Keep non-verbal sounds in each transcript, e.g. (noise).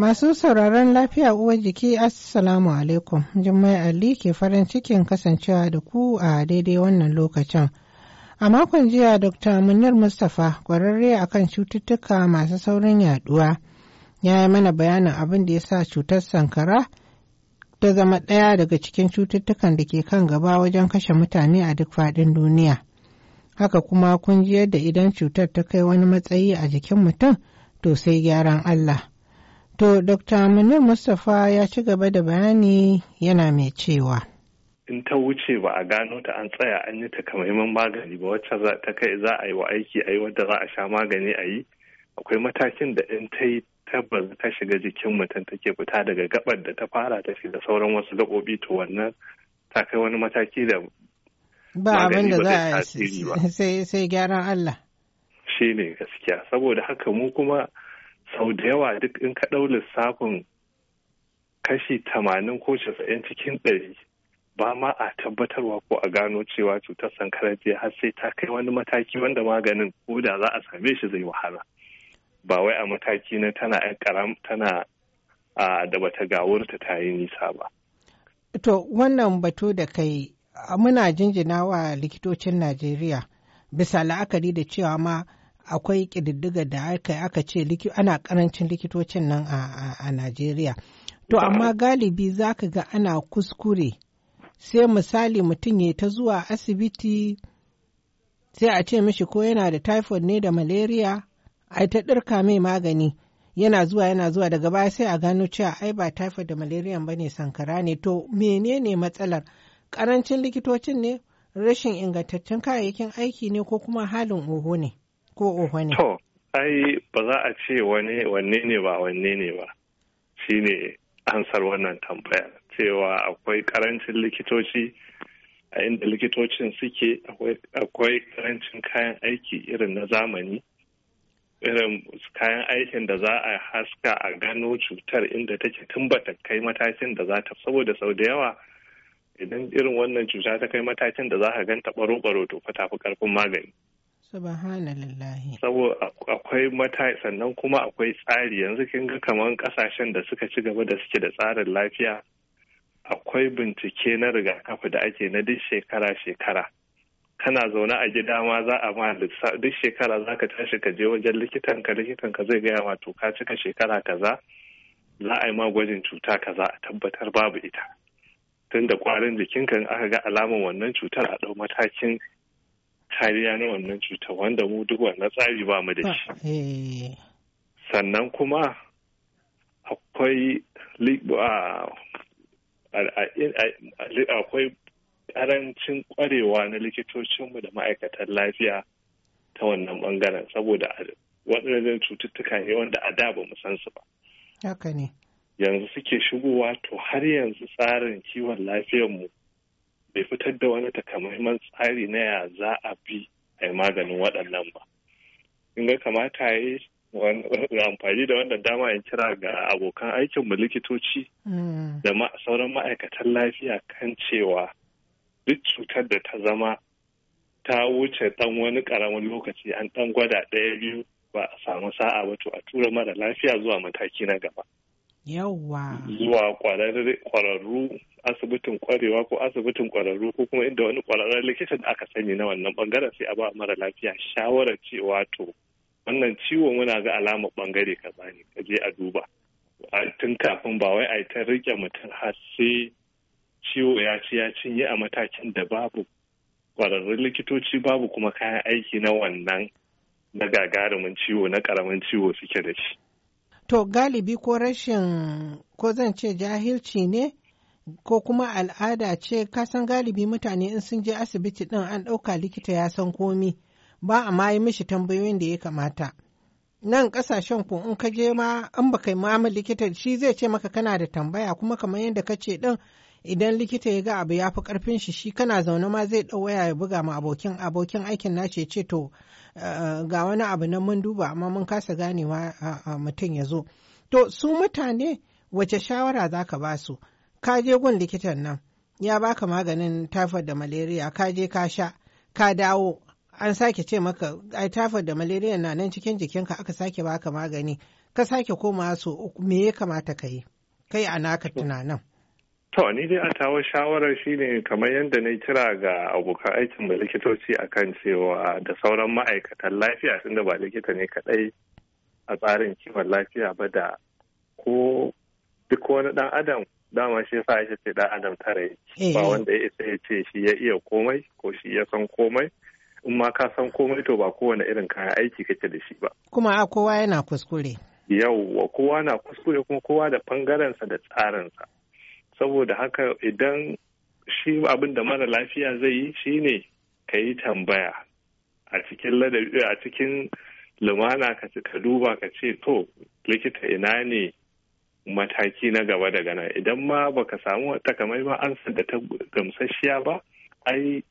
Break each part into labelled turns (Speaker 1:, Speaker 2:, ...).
Speaker 1: Masu sauraron lafiya uwar jiki Assalamu alaikum, Jummai Ali ke farin cikin kasancewa da ku a daidai wannan lokacin. A makon jiya Dr. Munir Mustapha kwararre akan cututtuka masu saurin yaduwa ya yi mana bayanin abin da ya sa cutar sankara ta zama ɗaya daga cikin cututtukan da ke kan gaba wajen kashe mutane a duk faɗin duniya. Haka kuma kun ji yadda idan cutar ta kai wani matsayi a jikin mutum to sai gyaran Allah. To, Dr. Munir Mustapha ya ci gaba da bayani yana mai cewa.
Speaker 2: In ta wuce ba a gano ta an tsaya an yi takamaiman magani ba wacce ta kai za a yi wa aiki a yi wadda za a sha magani a yi. Akwai matakin da in ta yi tabbas ta shiga jikin mutum take fita daga gabar da ta fara ta da sauran wasu gaɓoɓi to wannan ta kai wani mataki da
Speaker 1: ba abin da za
Speaker 2: a
Speaker 1: (laughs) sai gyaran Allah.
Speaker 2: Shi ne gaskiya saboda haka mu kuma sau da yawa duk in ka ɗau lissafin kashi tamanin ko casa'in cikin ɗari ba ma a tabbatarwa ko a gano cewa cutar sankarar ce har sai ta kai wani mataki wanda maganin ko da za a same shi zai wahala ba wai a mataki na tana karam tana da bata gawurta ta yi nisa ba.
Speaker 1: To wannan batu da kai muna jinjina wa likitocin Najeriya bisa la'akari da cewa ma akwai ƙididdiga da aka aka ce ana ƙarancin likitocin nan a Najeriya. To amma galibi za ka ga ana kuskure sai misali mutum ya ta zuwa asibiti sai a ce mishi ko yana da typhoid ne da malaria ai ta ɗirka mai magani yana zuwa yana zuwa daga baya sai a gano cewa ai ba typhoid da malaria ba ne sankara ne to menene matsalar ƙarancin likitocin ne rashin ingantaccen kayayyakin aiki ne ko kuma halin oho ne. ko uhu ne? To,
Speaker 2: ai ba za a ce wani wanne ne ba wanne ne ba. Shi ne ansar wannan tambaya cewa akwai karancin likitoci a inda likitocin suke akwai karancin kayan aiki irin na zamani irin kayan aikin da za a haska a gano cutar inda take tun bata kai matakin da za ta saboda sau da yawa idan irin wannan cuta ta kai matakin da za ka ganta baro-baro to fa tafi karfin magani
Speaker 1: Saboda
Speaker 2: akwai matai sannan kuma akwai tsari yanzu kin ga kamar kasashen da suka ci gaba da suke da tsarin lafiya akwai bincike na rigakafi da ake na duk shekara-shekara. Kana zaune a gida ma za a ma duk shekara za ka tashi ka je wajen likitan ka likitan ka zai gaya ma to ka cika shekara kaza za a yi ma gwajin cuta kaza a tabbatar babu ita. Tunda kwarin jikinka in aka ga alaman wannan cutar a ɗau matakin kariya na wannan cuta wanda mu duk wannan tsari ba mu da shi ah, eh. sannan kuma akwai akwai karancin kwarewa na likitocinmu da ma'aikatan lafiya ta wannan bangaren saboda waɗannan cututtuka ne wanda a da ba san su ba. Yanzu suke shigowa to har yanzu tsarin kiwon lafiyarmu bai fitar da wani takamaiman tsari na ya za a bi a yi maganin waɗannan ba. In ga kamata ya yi amfani da wannan dama in kira ga abokan aikinmu likitoci
Speaker 3: hmm. da
Speaker 2: sauran ma'aikatan lafiya kan cewa duk cutar da ta zama ta wuce ɗan wani ƙaramin lokaci an ɗan gwada ɗaya biyu ba a samu sa'a ba to a tura mara lafiya zuwa mataki na gaba.
Speaker 1: Yawwa.
Speaker 2: Zuwa kwararru asibitin kwarewa ko asibitin kwararru ko kuma inda wani kwararren likitan aka sani na wannan bangaren sai a ba mara lafiya shawarar cewa to wannan ciwo muna ga alamar bangare ka ne ka je a duba. Tun kafin ba wai a yi ta rike mutum har sai ciwo ya ci ya cinye a matakin da babu kwararrun likitoci babu kuma kayan aiki na wannan na gagarumin ciwo na karamin ciwo suke da shi.
Speaker 1: To galibi ko rashin ko zan ce jahilci ne ko kuma al'ada ce kasan galibi mutane in sun je asibiti ɗin an ɗauka likita ya san komi ba a ma yi mishi tambayoyin da ya kamata. Nan ƙasashen ku in ka je ma in ba kai ma likita shi zai ce maka kana da tambaya kuma kamar yadda ka ce ɗin idan likita ya ga abu ya fi karfin shi shi kana zaune ma zai ɗau waya ya buga ma abokin abokin aikin na ce ce to eh, ga wani abu nan mun duba amma mun kasa ganewa eh, mutum ya zo to su mutane wace shawara za ka ba su ka je gun likitan nan ya baka maganin taifoid da malaria ka je ka sha ka dawo an sake ce maka ai taifoid da malaria na nan cikin jikinka aka sake baka magani ka sake komawa su me ya kamata ka yi kai a naka tunanin To,
Speaker 2: ni dai a tawo shawarar shine kamar yadda na kira ga abokan aikin da likitoci a kan cewa da sauran ma'aikatan lafiya tunda ba likita ne kadai a tsarin kiwon lafiya ba da ko duk wani dan adam dama shi yasa ya ce dan adam tare ba eh. wanda ya isa ya ce shi ya iya komai ko shi ya san komai in ma ka san komai to ba kowane irin kayan aiki kake da shi ba.
Speaker 1: Kuma a kowa yana kuskure.
Speaker 2: Yauwa kowa na kuskure kuma kowa da ɓangarensa da tsarinsa. saboda haka idan shi abin da mara lafiya zai yi shi ne, ka yi tambaya a cikin a cikin lumana ka duba ka ce to likita ina ne mataki na gaba daga nan idan ma baka samu takamaiman ansa da ta gamsasshiya ba ai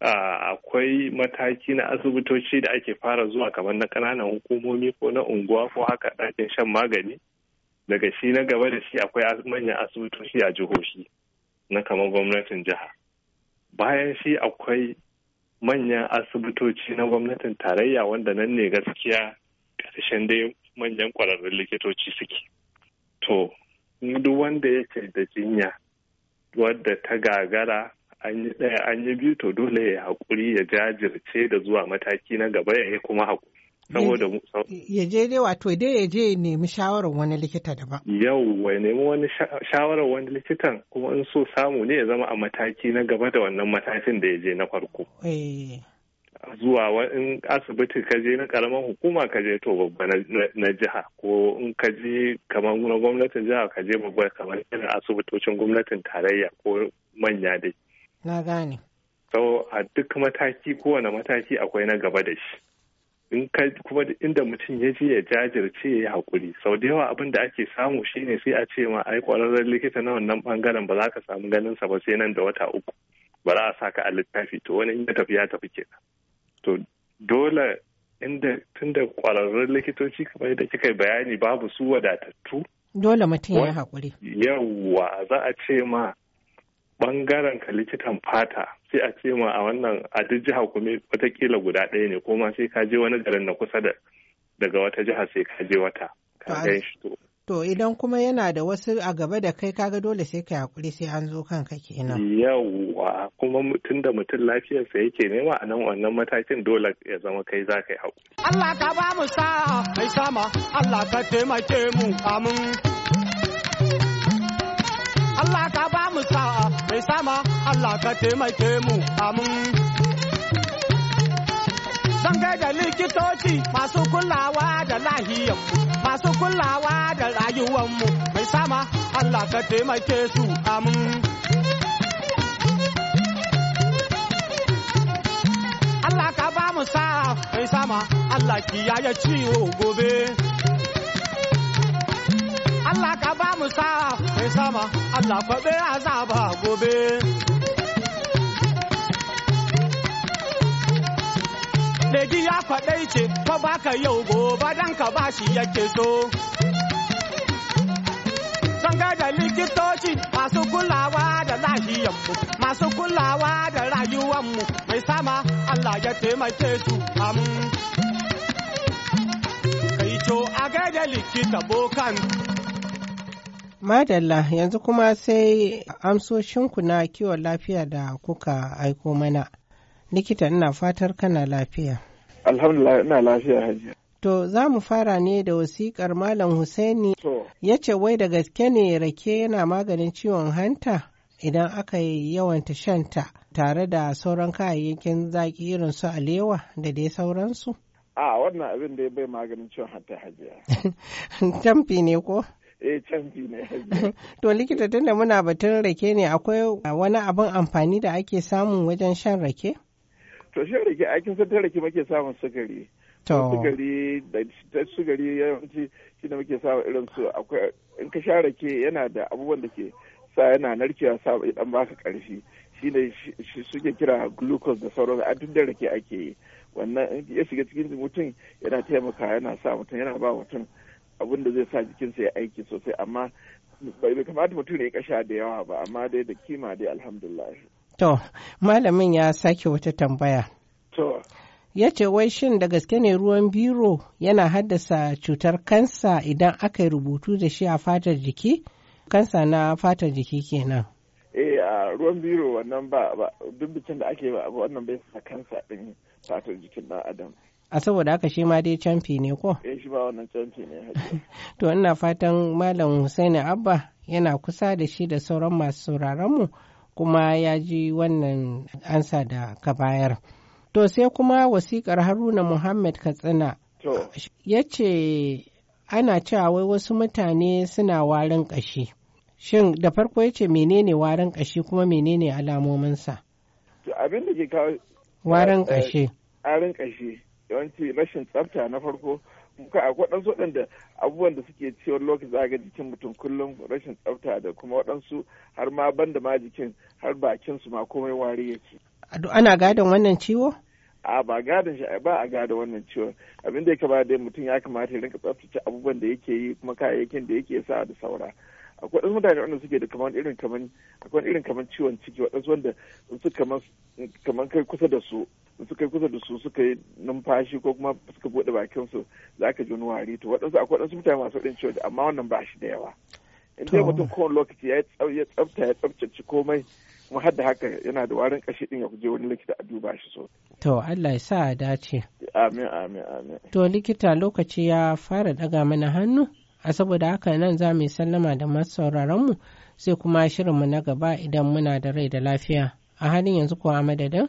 Speaker 2: akwai mataki na asibitoci da ake fara zuwa kamar na ƙananan hukumomi ko na unguwa ko haka ɗakin shan magani daga shi na gaba da shi akwai manyan asibitoci a jihohi na kamar gwamnatin jiha bayan shi akwai manyan asibitoci na gwamnatin tarayya wanda nan ne gaskiya ƙarshen dai manyan ƙwararrun likitoci suke to duk wanda yake da jinya wadda ta gagara an yi ɗaya an yi biyu to dole ya haƙuri ya jajirce da zuwa mataki na gaba ya yi kuma haƙuri
Speaker 1: saboda ya je dai wato dai ya je nemi shawarar wani likita ba
Speaker 2: yau ya nemi wani shawarar wani likitan kuma in so samu ne ya zama a mataki na gaba da wannan matakin da ya je na farko eh. zuwa in asibiti ka je na karamar hukuma ka je to babba na jiha ko in ka je kamar na gwamnatin jiha ka je babba kamar irin asibitocin gwamnatin tarayya ko manya dai na gane so a duk mataki kowane mataki akwai na gaba da shi in kuma inda mutum ya ji ya jajirce ya yi hakuri sau da yawa abin da ake samu shine sai a ce ma ai kwararren likita na wannan bangaren ba za ka samu ganin sa ba sai nan da wata uku ba za a sa ka a littafi to wani in ya tafi ya tafi ke to dole inda tunda kwararren likitoci kamar da kika bayani babu su wadatattu
Speaker 1: dole mutum ya yi hakuri
Speaker 2: yawwa za a ce ma bangaren ka likitan fata sai a ce ma a wannan a duk jiha kuma watakila guda ɗaya ne ko ma sai ka je wani garin na kusa da daga wata jiha sai ka je wata ka gan shi to
Speaker 1: to idan kuma yana da wasu a gaba da kai kaga dole sai ka hakuri sai an zo kanka kenan
Speaker 2: yawwa kuma tun da mutum lafiyarsa yake nema a nan wannan matakin dole ya zama kai za ka yi hakuri
Speaker 4: Allah ka ba mu sa'a mai sama Allah ka taimake mu amin Allah ka ba mu sa'a mai sama Allah ka taimake mu amin. Zan da likitoci masu kulawa da lahiyar masu kulawa da rayuwanmu mai sama Allah ka taimake su amin. Allah ka ba mu sa mai sama Allah kiyaye ciwo gobe. Allah ka ba mu sa mai sama Allah kwabe azaba gobe Legi ya kwaɗai ce fa baka yau gobe dan ka bashi yake so Sanga da likitoci masu kulawa da lahiyanmu masu kulawa da rayuwanmu mai sama Allah ya taimake su amin Kai co a gaida likita bokan
Speaker 1: Madalla yanzu kuma sai amsoshinku na kiwon lafiya da kuka aiko mana. Likita ina fatar kana lafiya.
Speaker 3: Alhamdulillah ina lafiya hajiya.
Speaker 1: To za mu fara ne da wasiƙar Malam Husaini ya ce wai da gaske ne rake yana maganin ciwon hanta idan aka yi yawanta shanta tare da sauran kayayyakin zaƙi irin su alewa da dai sauransu.
Speaker 3: A wannan abin da bai maganin ciwon hanta hajiya.
Speaker 1: (laughs) Tamfi ne ko?
Speaker 3: e canji ne
Speaker 1: (laughs) to likita tunda muna batun rake ne akwai wani abin amfani da ake samu wajen shan rake
Speaker 3: to shan rake aikin san ta rake muke samun sukari
Speaker 1: sukari
Speaker 3: da ta sukari yawanci shi da muke samun irin su akwai in ka sha rake yana da abubuwan da ke sa yana narkewa sa dan baka karfi shine shi suke kira glucose da sauran a duk da rake ake yi wannan ya shiga cikin mutum yana taimaka yana sa mutum yana ba mutum abin da zai sa jikinsa ya aiki sosai amma bai kamata mutum ya kasha da yawa ba amma dai da kima dai alhamdulillah
Speaker 1: to malamin ya sake wata tambaya to ya ce wai shin da gaske ne ruwan biro yana haddasa cutar kansa idan aka yi rubutu da shi a fatar jiki kansa na fatar jiki kenan
Speaker 3: eh a ruwan biro wannan ba duk bikin da ake ba wannan bai sa kansa din fatar jikin dan adam
Speaker 1: a saboda haka shi ma dai camfi ne ko?
Speaker 3: Eh shi ba wannan camfi ne. (laughs)
Speaker 1: to ina fatan Malam Husaini Abba yana kusa da shi da sauran masu sauraronmu kuma ya ji wannan ansa da ka bayar. To sai kuma wasiƙar Haruna Muhammad Katsina. Ya ce ana cewa wai wasu mutane suna warin ƙashi. Shin da farko ya ce menene warin ƙashi kuma menene alamominsa?
Speaker 3: Abin da ke kawo.
Speaker 1: Warin ƙashi.
Speaker 3: Warin eh, ƙashi. yawanci rashin tsafta na farko muka a waɗansu waɗanda abubuwan da suke ciwon lokaci za ga jikin mutum kullum rashin tsafta da kuma waɗansu har ma ban da ma jikin har bakin su ma komai wari yake.
Speaker 1: Ana gadon wannan ciwo?
Speaker 3: a ba gadon shi ba a gada wannan ciwon abin da ya ba dai mutum ya kamata ya rinka tsaftace abubuwan da yake yi kuma kayayyakin da yake sa da saura akwai wasu mutane wanda suke da kamar irin kamar akwai irin kamar ciwon ciki waɗansu wanda sun kamar kamar kai kusa da su suka yi kusa da su suka yi numfashi ko kuma suka buɗe bakinsu za ka ji wani wari to waɗansu akwai waɗansu mutane masu ɗin ciwo amma wannan ba shi da yawa in dai mutum kowane lokaci ya tsafta ya tsaftace komai kuma har da haka yana da warin kashi ɗin ya kuje wani likita a duba shi so.
Speaker 1: To Allah ya sa a dace.
Speaker 3: Amin amin amin.
Speaker 1: To likita lokaci ya fara daga mana hannu. A saboda haka nan za mu sallama da masauraran mu sai kuma shirinmu na gaba idan muna da rai da lafiya. A halin yanzu ko a madadin?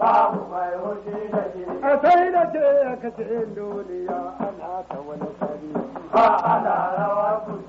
Speaker 4: babu mai hoshi da ke a sai da ce ka ce duniya ana ta wani kari ba ana rawa ku